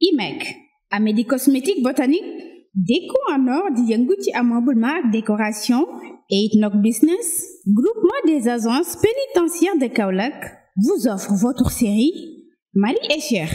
IMEC Amédi cosmétique botanique déco en or di yëngu ci ameublement ak décoration et it business groupement des agences pénitentiaires de Kaolack vous offre votre série Marie et Cher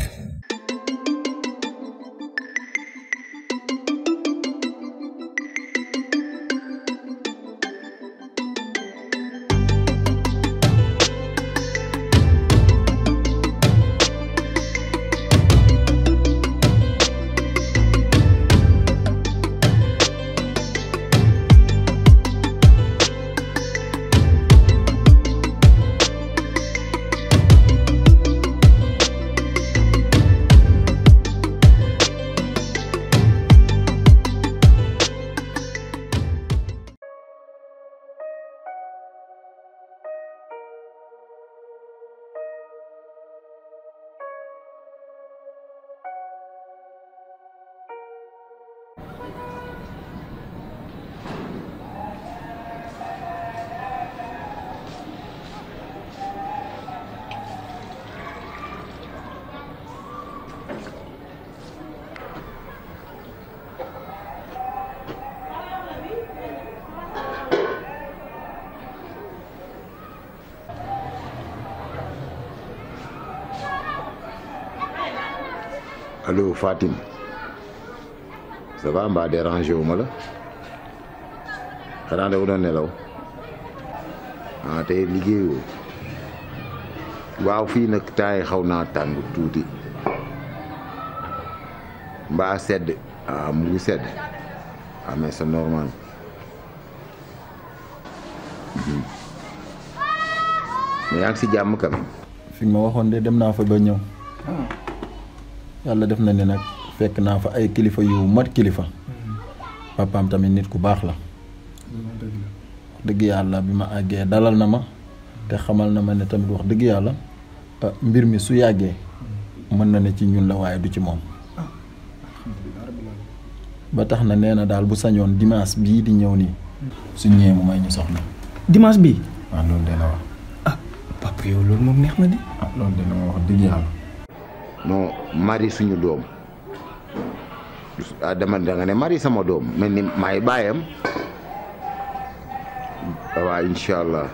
allo Fatim ça va mbaa dérangé wu la xanaa da nga doon nelaw ah tey liggéeyoo waaw fii nag temps yi xaw naa tàng tuuti mbaa sedd ah mu ngi sedd a ah, mais c'est normal. Hmm. mais yaa si jàmm quand fi nga ma waxoon de dem naa fa ba ñëw. Ah. yàlla def na ne nag fekk naa fa ay kilifa yu mat kilifa mm-hmm. papaam tamit nit ku baax la mm-hmm. dëgg yàlla bi ma àggee dalal na ma te xamal na ma ne tamit wax dëgg yàlla mbir mi su yàggee mm-hmm. mën na ne ci ñun la waaye du ci moom ah, ba tax na nee na daal bu sañoon dimanche bii di ñëw nii su ñëwee mu may ñu soxna dimanche bii ah, loolu de ah, loolu moom neex na loolu de wax dëgg non mari suñu doom ah dama ne mari sama doom mel ni maay baayam waa incha allah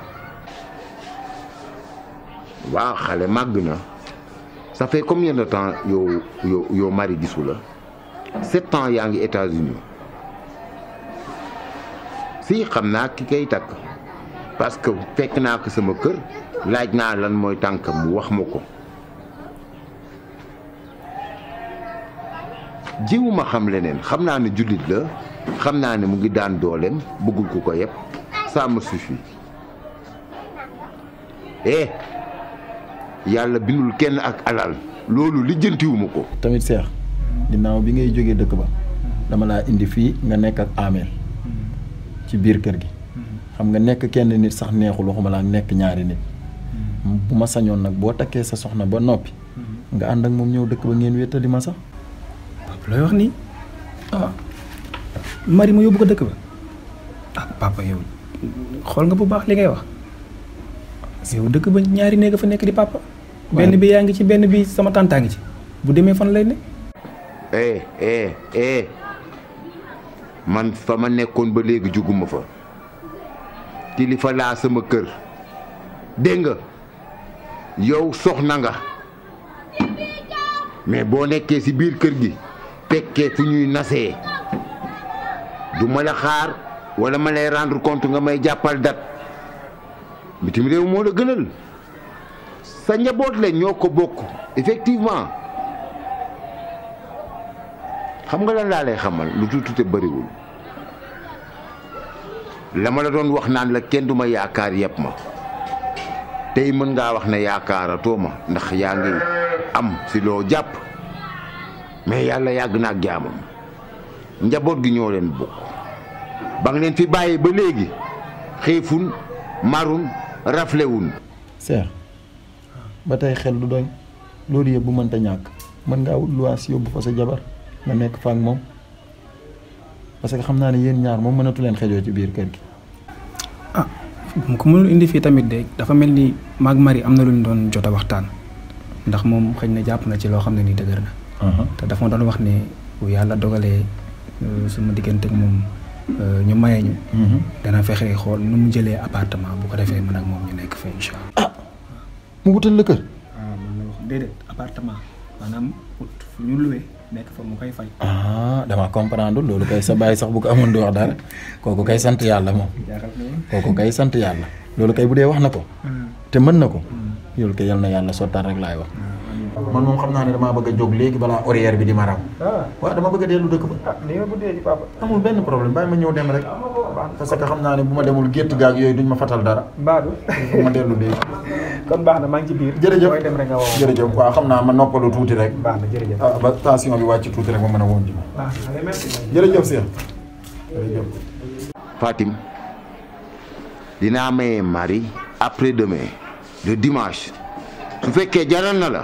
waaw xale màgg na ça fait combien de temps yow yow yow mari gisula la sept yaa ngi états si xam naa ki kay takk parce que fekk naa ko sama kër laaj naa lan mooy tànkam mu wax ma ko jiwuma xam leneen xam naa ne jullit la xam naa ne mu ngi daan dooleem bëggul ku ko yëpp ça me suffit eh, yàlla bindul kenn ak alal loolu lijjantiwuma ko. tamit seex ginnaaw bi ngay jógee dëkk ba dama laa indi fii nga nekk ak ameel ci biir kër gi. xam nga nekk kenn nit sax neexul waxuma laa nekk ñaari nit. bu ma sañoon nag boo takkee sa soxna ba noppi. nga ànd ak moom ñëw dëkk ba ngeen wéttali ma sax. looy wax nii ah mari ma yóbbu ko dëkk ba ah papa yow xool nga bu baax li ngay wax yow dëkk ba ñaari néeg fa nekk di papa. benn bi yaa ngi ci benn bi sama tàntaa ngi ci bu demee fan lay ne. Eh, eh, eh. man fa ma nekkoon ba léegi juguma fa kilifa laa sama kër dégg nga yow soxna nga mais boo nekkee ci biir kër gi. fekkee fu ñuy nase du ma la xaar wala ma lay rendre compte nga may jàppal dat bitim réew moo la gënal sa njaboot la ñoo ko bokk effectivement xam nga lan laa lay xamal lu tuuti te bëriwul lama la doon wax naan la kenn du ma yaakaar yëpp ma tey mën ngaa wax ne yaakaaratoo ma ndax yaa ngi am si loo jàpp. mais yàlla yàgg na ak jaamam njaboot gi ñoo leen bokk ba nga leen fi bàyyi ba léegi xiifun marun raflewun seer ba tey xel du doñ loolu yëpp bu mënta ñàkk mën ngaa wut luwaas yóbbu fa sa jabar nga nekk fa ak moom parce que xam naa ne yéen ñaar moom mënatu leen xejoo ci biir kër gi ah ku mënul indi fii tamit de dafa mel ni maag mari am na lu ñu doon jot a waxtaan ndax moom xëy na jàpp na ci loo xam ne ni dëgër na Uh-huh. te dafa ma doon wax ne bu yàlla dogalee euh, suma diggante ak moom euh, ñu maye ñu. Uh-huh. dana fexe xool nu mu jëlee appartement bu ko defee man ak moom ñu nekk fa ah! mu wutal la kër. Ah, waaw ñu nekk fa mu koy fay. ah dama comprendre loolu kay sa bàyyi sax bu ko amoon di wax dara kooku kay sant yàlla moom. kooku kay sant yàlla. loolu kay bu dee wax na ko. Ah. te mën na ko. Mm. loolu kay yal na yàlla sottal rek wax. man moom xam naa ne damaa bëgg a jóg léegi balaa horaire bi di ma raw. Ah. waaw dama bëgg a dellu dëkk ba. ah amul benn problème bàyyi ma ñëw dem rek. parce que xam naa ne bu ma demul gétt gaag yooyu duñ ma fatal dara. baadu bu ma dellu baax na maa ngi ci biir. jërëjëf booy dem rek nga woo jërëjëf waaw xam naa ma noppalu tuuti rek. baax na jërëjëf ah, ba tension bi wàcc tuuti rek ma mën a woon ji ma. waaw jërëjëf Cheikh jërëjëf. Fatim dinaa maye mari après demain le dimanche su fekkee jaral na la.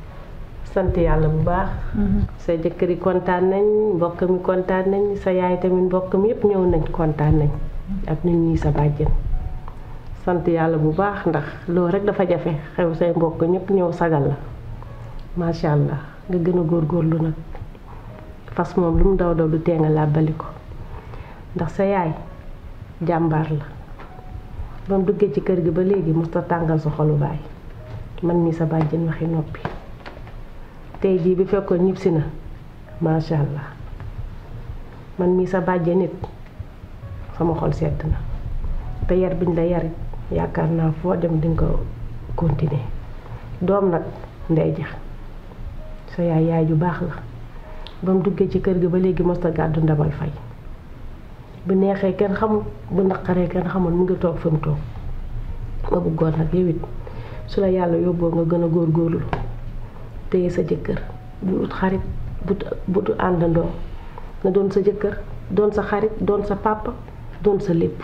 sant yàlla bu baax. Mm-hmm. sa jëkkër yi kontaan nañ mbokk mi kontaan nañ sa yaay tamit mbokk mi yëpp ñëw nañ kontaan nañ ak nit ñi sa bàjjen sant yàlla bu baax ndax loolu rek dafa jafe xew say mbokk ñépp ñëw sagal la macha allah nga gën a góor góorlu nag fas moom lu mu daw daw du tee nga làbbali ko ndax sa yaay jàmbaar la ba mu duggee ci kër gi ba léegi mu sa tàngal sa xolu baay man mii sa bàjjen waxi noppi. tey jii bi fekkoon ñibbisi na macha allah man mii sa bàjje nit sama xol sedd na te yar biñ la yar yaakaar naa foo dem di nga ko continuer doom nag ndey jax sa yaay yaay ju baax la ba duggee ci kër gi ba léegi mos a gàddu ndamal fay bu neexee kenn xamul bu naqaree kenn xamul mu ngi toog fi mu toog ma bëggoon nag yow su la yàlla yóbboo nga gën a góor góorgóorlu téye sa jëkkër bul ut xarit but ut àndandoo nga doon sa jëkkër doon sa xarit doon sa papa doon sa lépp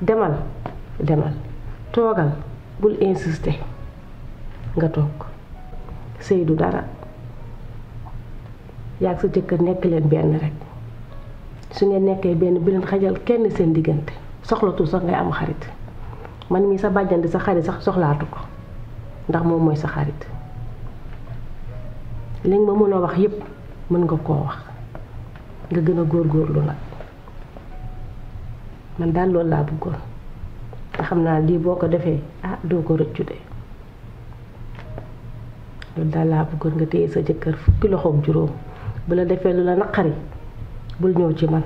demal demal toogal bul insisté nga toog sëy du dara yaag sa jëkkër nekk leen benn rekk su ngeen nekkee benn bi leen xajal kenn seen diggante soxlatul sax ngay am xarit man mii sa bàjjan di sa xarit sax soxlaatu ko ndax moom mooy sa xarit li ma mën a wax yépp mën nga koo wax nga gën a góorgóorlu nag man daal loolu laa bëggoon te xam naa lii boo ko defee ah doo ko rëccu de loolu daal laa bëggoon nga téye sa jëkkër fukki loxook juróom bu la defee lu la naqari bul ñëw ci man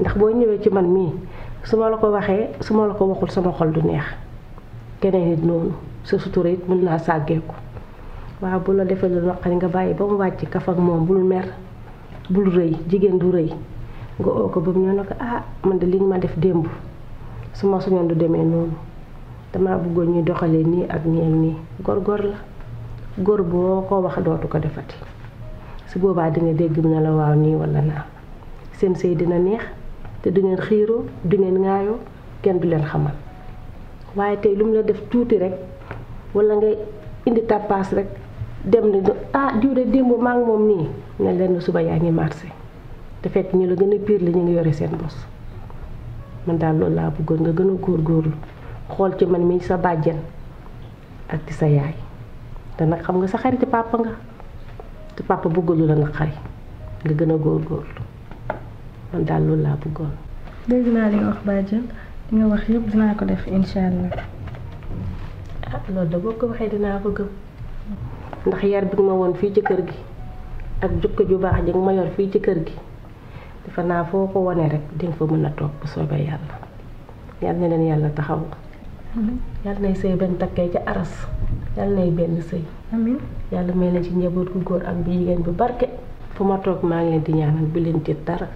ndax boo ñëwee ci man mii su ma la ko waxee su ma la ko waxul sama xol du neex keneen it noonu sa sutura it mën naa sàggeeku waaw bu la defee lu naqari nga bàyyi ba mu wàcc kaf ak moom bul mer bul rëy jigéen du rëy nga oo ko ba mu ñëw ne ko ah man de li ñu ma def démb su ma suñoon du demee noonu dama bëggoon ñuy doxalee nii ak nii nii góor góor la góor boo ko wax dootu ko defati su boobaa dina dégg ne la waaw nii walla naa seen sëy dina neex te du ngeen xiiroo du ngeen ŋaayoo kenn du leen xamal waaye tey lu mu la def tuuti rekk wala ngay indi tappaas rek dem ni ah diw de démb maa ngi moom nii ne leen suba yaa ngi marché te fekk ñu la gën a piir li ñu ngi yore seen bos man daal loolu laa bëggoon nga gën a góorgóorlu xool ci man mi sa bàjjen ak ci sa yaay te nag xam nga sa xariti papa nga te papa bëggalu la nag gën a góorgóorlu man daal loolu laa bëggoon dégg naa li nga wax bàjjen li nga wax yëpp dinaa ko def incha ah loolu da boo ko waxee dinaa ko gëm ndax yar bi ma woon fii ci kër gi ak jukka ju baax ji nga ma yor fii ci kër gi defe naa foo ko wane rek dinga fa mun a toog bu soobee yàlla yal na leen yàlla taxaw yàlla nay sëy benn ci aras yàlla nay benn sëy amiin may leen ci njaboot gu góor ak bi jigéen bu barke fu ma toog maa ngi leen di ñaan bu leen tiit dara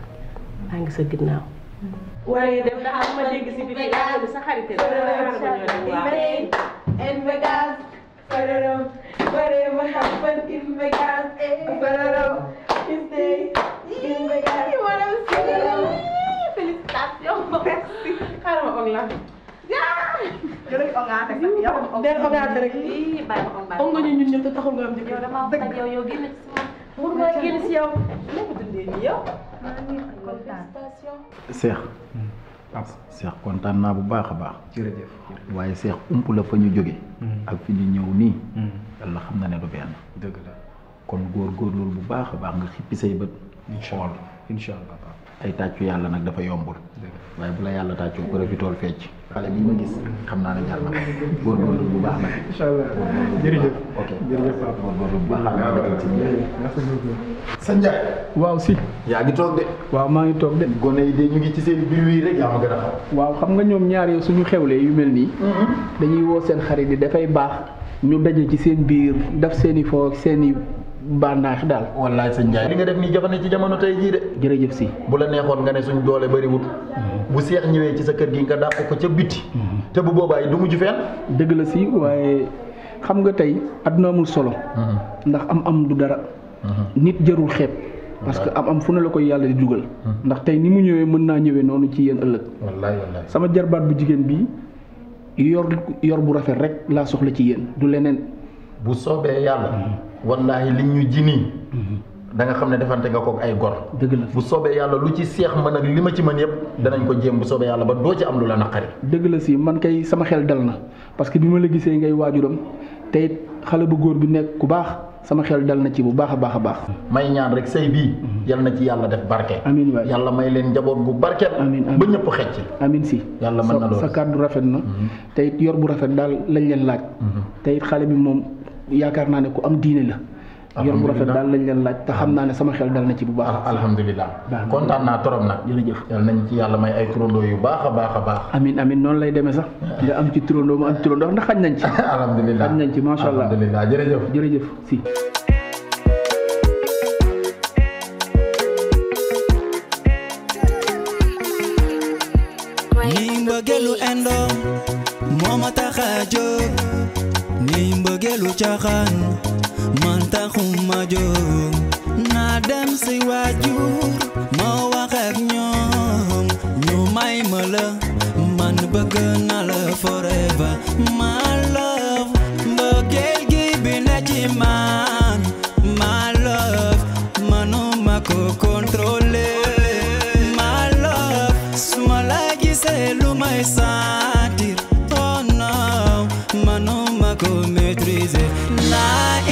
maa ngi sa ginnaaw in Vegas. Forever, forever happen in Vegas. Eh? Forever, this day in Vegas. Madame Sylvie, félicitations. Merci. xaaral ma ong la. jërëjëf ongaate sax yow. déedéet ongaate rek. ii bàyyi ma ongaate. onga ñu ñun ñëpp te taxul nga am jëkkër. yow damaa wax ak yow yow génn ci sama. mun ngaa génn ci yow. lépp dundee nii yow. maa ngi kontaan. Cheikh. ab seex kontaan naa bu baax a baax. jërëjëf waaye seex ump la fa ñu jóge mm. ak fi ñu ñëw nii. Mm. yàlla xam na ne du benn. dëgg la kon góor góorlu bu baax a baax nga xippi say bët. incha xool ay tàccu yàlla nag dafa yombul waaye bu la yàlla tàccoo profitool fecc xale bi ma gis xam naa ne jar bu baax nag incha allah jërëjëf ok sa njaay waaw si yaa gi toog de waaw maa ngi toog de gone yi de ñu ngi ci seen biir yi rek yaa ma gën a xam waaw xam nga ñoom ñaar yi suñu xewlee yu mel nii mm-hmm. dañuy woo seen xarit yi dafay baax ñu daje ci seen biir daf seeni i foo seen i bànnaax daal. wallaay sëñ Ndiaye li nga def nii jafe ci jamono tey jii de. jërëjëf si. bu la neexoon nga ne suñ doole bëriwut. Mhm. bu seex ñëwee ci sa kër gi nga dàq ko ca biti. Mhm. te bu boobaa du mujj fenn. dëgg la si waaye xam nga tey àdduna amul solo. Mhm. ndax am-am du dara. nit jërul xeeb. parce que am am fu ne la koy yàlla di dugal. ndax tey ni mu ñëwee mën naa ñëwee noonu ci yéen ëllëg. wallaay wallaay sama jarbaat bu jigéen bi yor yor bu rafet rek laa soxla ci yéen du leneen. bu soobee yàlla. wallaahi li ñu ji nii mhm. da nga xam ne defante nga kook ay gor dëgg la bu soobee yàlla lu ci seex mën ak li ma ci mën yëpp mhm. danañ ko jéem bu soobee yàlla ba doo ci am lu la naqari dëgg la si man kay sama xel dal na parce que bi ma la gisee ngay waajuram te it xale bu góor bi nekk ku baax sama xel dal na ci bu baax a baax a baax may ñaan rek sëy bii mhm. yal na ci yàlla def barke amiin waay yàlla may leen njaboot bu barke amiin ba ñëpp xecc amiin si yàlla mën na loolu sa kàddu rafet na te yor bu rafet daal lañ leen laaj yaakaar naa ne ku am diine la. yor bu rafet daal lañ leen laaj te xam naa ne sama xel dal na ci bu baax ah, alhamdulilah kontaan naa torop nag jërëjëf yal nañ ci yàlla may ay turandoo yu baax a baax a baax amin amin noonu lay demee sax nga am ci turandoo mu am ci turandoo ndax xaj nañ ci alhamdulilah xaj nañ ci macha allah alhamdulilah jërëjëf jërëjëf si ni mbëggeelu endo moo ma a jóg mbëggeelu caaxaan man taxuma jóg naa dem si waajur ma wax ak ñoom ñu may ma la man bëgg na la forever my love mbëggeel gi bi ne ci man my love manuma ko ko crazy. Lying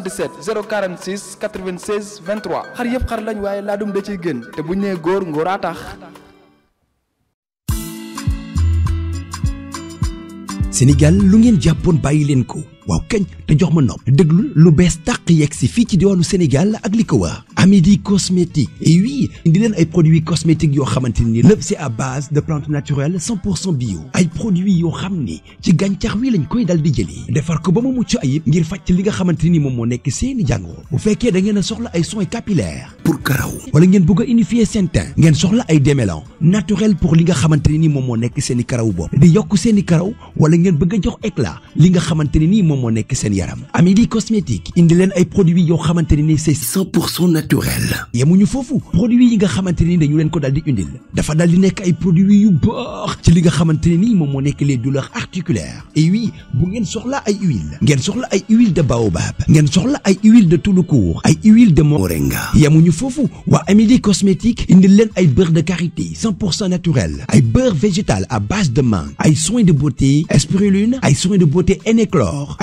77 046 96 23 xar yëpp xar lañ waaye laadum da ciy gën te bu ñu nee góor ngóoraa tax. Sénégal lu ngeen jàppoon bàyyi leen ko. waaw kañ te jox ma nopp déglul lu bees tàq yegg si fii ci diwaanu Sénégal ak li ko wa Amidi cosmétique et oui indi leen ay produit cosmétique yoo xamante ni lépp si à base de plantes naturelles 100 pour cent bio ay produits yoo xam ni ci gàncax wi lañ koy dal di jëlee defar ko ba mu mucc ayib ngir fàcc li nga xamante nii moom moo nekk seeni jàngoro bu fekkee da ngeen a soxla ay soins capillaires pour karaw wala ngeen bëgg unifier seen teint ngeen soxla ay démêlants naturels pour li nga xamante ni moom moo nekk seeni karaw bopp di yokk seeni karaw wala ngeen bëgg a jox éclat li moom moo nekk seen yaram Amidi cosmétique indi leen ay produits yoo xamante ne ni c'est cent pour cent naturel yemuñu foofu produits yi nga xamante ne ni dañu leen ko daal di indil dafa daal di nekk ay produits yu baax ci li nga xamante ne moom moo nekk les douleurs articulaires et oui bu ngeen soxla ay huile ngeen soxla ay huile de baobab ngeen soxla ay huile de touloukour ay huile de moringa yemuñu foofu waa Amidi cosmétique indil leen ay beurre de karité cent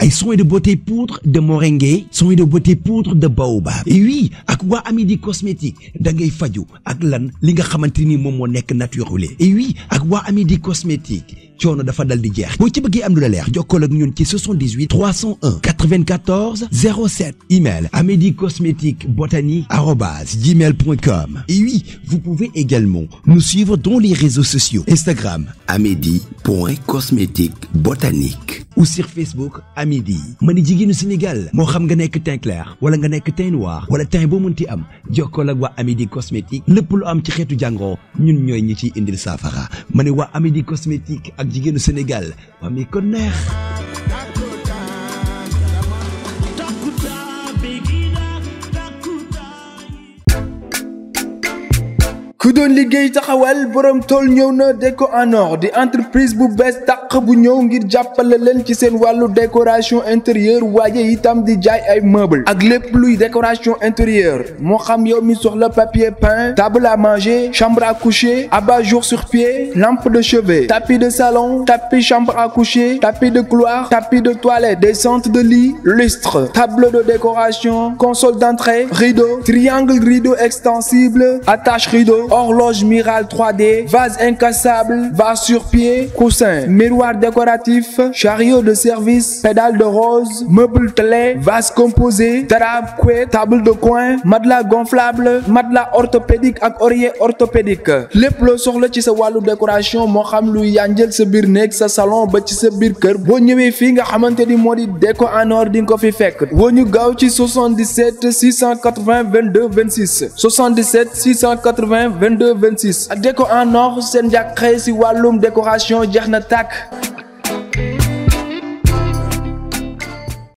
ay soins de beauté poudre de moringue soins de beauté poudre de baobab et oui ak waa Amidi cosmétique da ngay faju ak lan li nga xamante ni moom moo nekk naturel et oui ak waa Amidi cosmétique coono dafa dal di jeex boo ci bëggee am lu la leer jokkool ak ñun ci 78 301 94 07 email amédi cosmétique botanique arobase gmail point com et oui vous pouvez également nous suivre dans les réseaux sociaux Instagram amédi point cosmétique botanique ou sur Facebook à midi ma ni jigéenu Sénégal moo xam nga nekk teint clair wala nga nekk teint noir wala teint boo munti am jokkool ak waa Amidi cosmétique lépp lu am ci xeetu jàngoo ñun ñooy ñi ciy indil saafara ma ne waa Amidi cosmétique ak jigéenu Sénégal ma mi ko doon liggéey taxawal borom tool ñëw na déco en or di entreprise bu bees tàq bu ñëw ngir jàppale leen ci seen wàllu décoration intérieure waaye itam di jaay ay meuble ak lépp luy décoration intérieure moo xam yow mi soxla papier peint table à manger chambre à coucher abat-jour sur pied lampe de chevet tapis de salon tapis chambre à coucher tapis de couloir tapis de toilette descente de lit lustre tableau de décoration console d'entrée rideau triangle rideau extensible horloge murale 3D, vase incassable, vase sur pied, coussin, miroir décoratif, chariot de service, pédale de rose, meuble clé, vase composé, drap, couette, table de coin, matelas gonflable, matelas orthopédique ak oreiller orthopédique lépp loo soxla ci sa wàllu décoration moo xam lu yanjël sa biir néeg sa salon ba ci sa biir kër boo ñëwee fii nga xamante ni moo di déco en or di ko fi fekk woo ñu gaaw ci 77 680 22 26 77 680 vingt 26 a déco en or seen njàqare si wàllum décoration jeex na tàkk